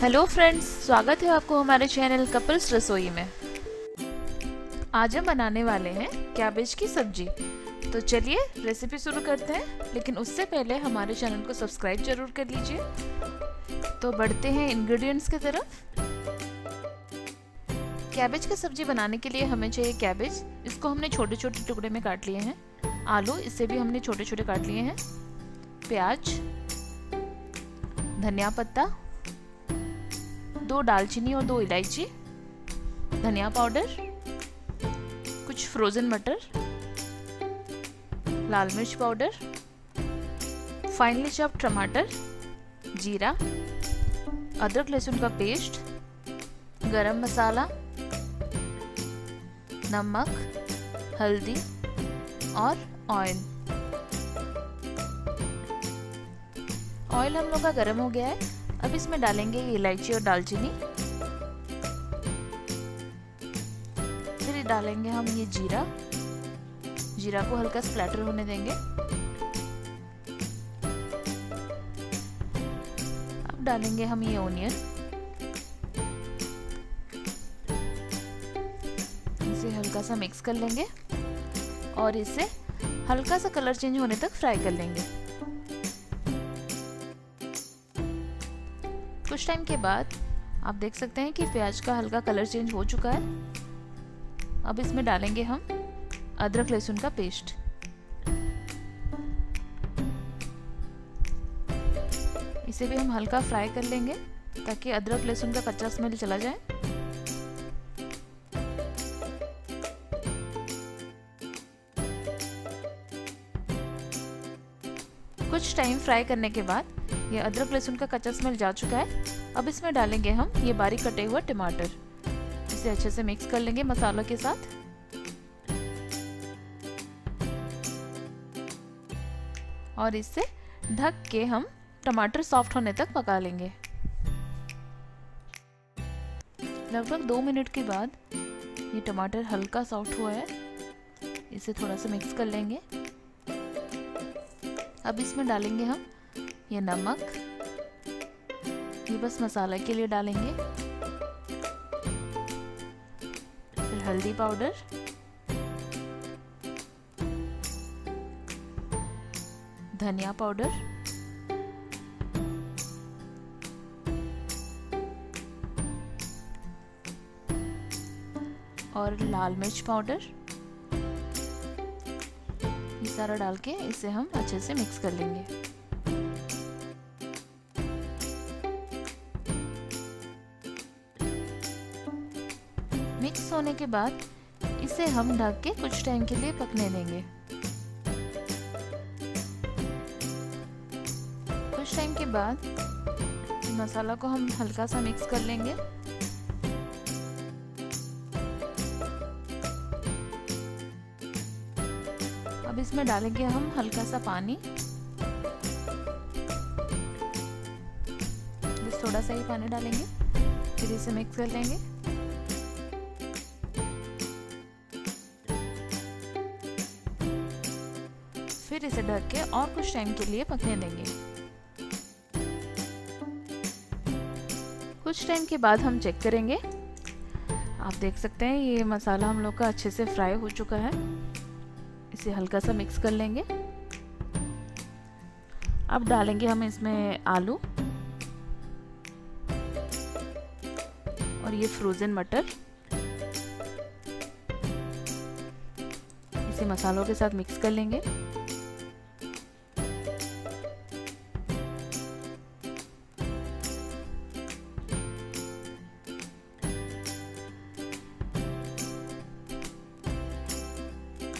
hello friends स्वागत है आपको हमारे चैनल कपल्स रसोई में आज हम बनाने वाले हैं कैबेज की सब्जी तो चलिए रेसिपी शुरू करते हैं लेकिन उससे पहले हमारे चैनल को सब्सक्राइब जरूर कर लीजिए तो बढ़ते हैं इंग्रेडिएंट्स की तरफ कैबेज की सब्जी बनाने के लिए हमें चाहिए कैबेज इसको हमने छोटे छोटे टुकड़े में काट लिए हैं आलू इसे भी हमने छोटे छोटे काट लिए हैं प्याज धनिया पत्ता दो दालचीनी और दो इलायची धनिया पाउडर कुछ फ्रोज़न मटर लाल मिर्च पाउडर फाइनली चॉप टमाटर जीरा अदरक लहसुन का पेस्ट गरम मसाला नमक हल्दी और ऑयल ऑयल हम लोग का गर्म हो गया है अब इसमें डालेंगे ये इलायची और दालचीनी फिर डालेंगे हम ये जीरा जीरा को हल्का स्प्लैटर होने देंगे अब डालेंगे हम ये ओनियन इसे हल्का सा मिक्स कर लेंगे और इसे हल्का सा कलर चेंज होने तक फ्राई कर लेंगे कुछ टाइम के बाद आप देख सकते हैं कि प्याज का हल्का कलर चेंज हो चुका है अब इसमें डालेंगे हम अदरक लहसुन का पेस्ट इसे भी हम हल्का फ्राई कर लेंगे ताकि अदरक लहसुन का कच्चा स्मेल चला जाए कुछ टाइम फ्राई करने के बाद ये अदरक लहसुन का कच्चा स्मेल जा चुका है अब इसमें डालेंगे हम ये बारीक कटे हुए टमाटर इसे अच्छे से मिक्स कर लेंगे मसालों के साथ और इसे ढक के हम टमाटर सॉफ्ट होने तक पका लेंगे लगभग दो मिनट के बाद ये टमाटर हल्का सॉफ्ट हुआ है इसे थोड़ा सा मिक्स कर लेंगे अब इसमें डालेंगे हम ये नमक ये बस मसाला के लिए डालेंगे फिर हल्दी पाउडर धनिया पाउडर और लाल मिर्च पाउडर ये सारा डाल के इसे हम अच्छे से मिक्स कर लेंगे होने के बाद इसे हम ढक के कुछ टाइम के लिए पकने देंगे कुछ टाइम के बाद मसाला को हम हल्का सा मिक्स कर लेंगे अब इसमें डालेंगे हम हल्का सा पानी थोड़ा सा ही पानी डालेंगे फिर इसे मिक्स कर लेंगे फिर इसे ढक के और कुछ टाइम के लिए पकने देंगे कुछ टाइम के बाद हम चेक करेंगे आप देख सकते हैं ये मसाला हम लोग का अच्छे से फ्राई हो चुका है इसे हल्का सा मिक्स कर लेंगे अब डालेंगे हम इसमें आलू और ये फ्रोज़न मटर इसे मसालों के साथ मिक्स कर लेंगे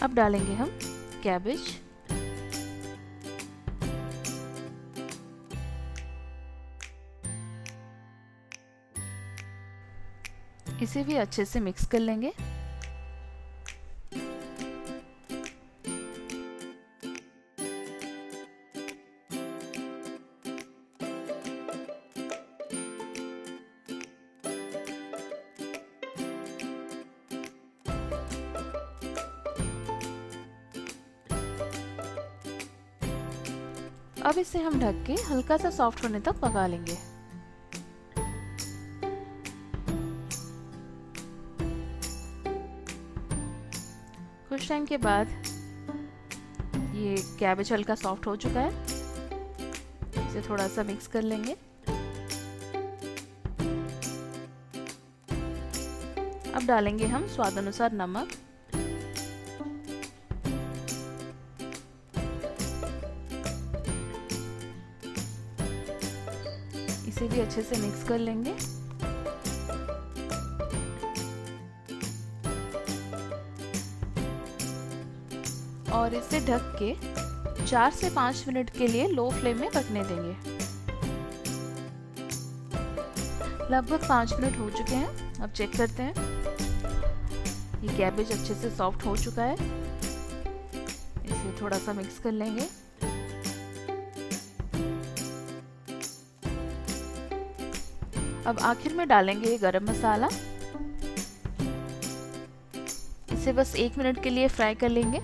अब डालेंगे हम कैबेज इसे भी अच्छे से मिक्स कर लेंगे अब इसे हम ढक के हल्का सा सॉफ्ट होने तक पका लेंगे कुछ टाइम के बाद ये कैबेज हल्का सॉफ्ट हो चुका है इसे थोड़ा सा मिक्स कर लेंगे अब डालेंगे हम स्वाद अनुसार नमक इसे भी अच्छे से मिक्स कर लेंगे और इसे ढक के चार से पांच मिनट के लिए लो फ्लेम में पकने देंगे लगभग पांच मिनट हो चुके हैं अब चेक करते हैं ये कैबेज अच्छे से सॉफ्ट हो चुका है इसे थोड़ा सा मिक्स कर लेंगे अब आखिर में डालेंगे ये गरम मसाला इसे बस एक मिनट के लिए फ्राई कर लेंगे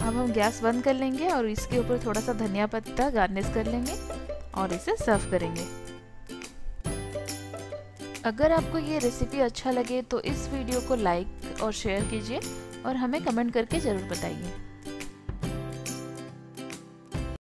अब हम गैस बंद कर लेंगे और इसके ऊपर थोड़ा सा धनिया पत्ता गार्निश कर लेंगे और इसे सर्व करेंगे अगर आपको ये रेसिपी अच्छा लगे तो इस वीडियो को लाइक और शेयर कीजिए और हमें कमेंट करके ज़रूर बताइए